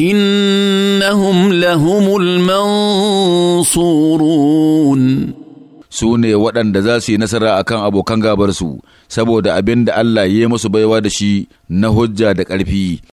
innahum lahumul mansurun su ne waɗanda za su yi nasara a kan abokan gabarsu saboda abin da Allah ya yi musu baiwa da shi na hujja da ƙarfi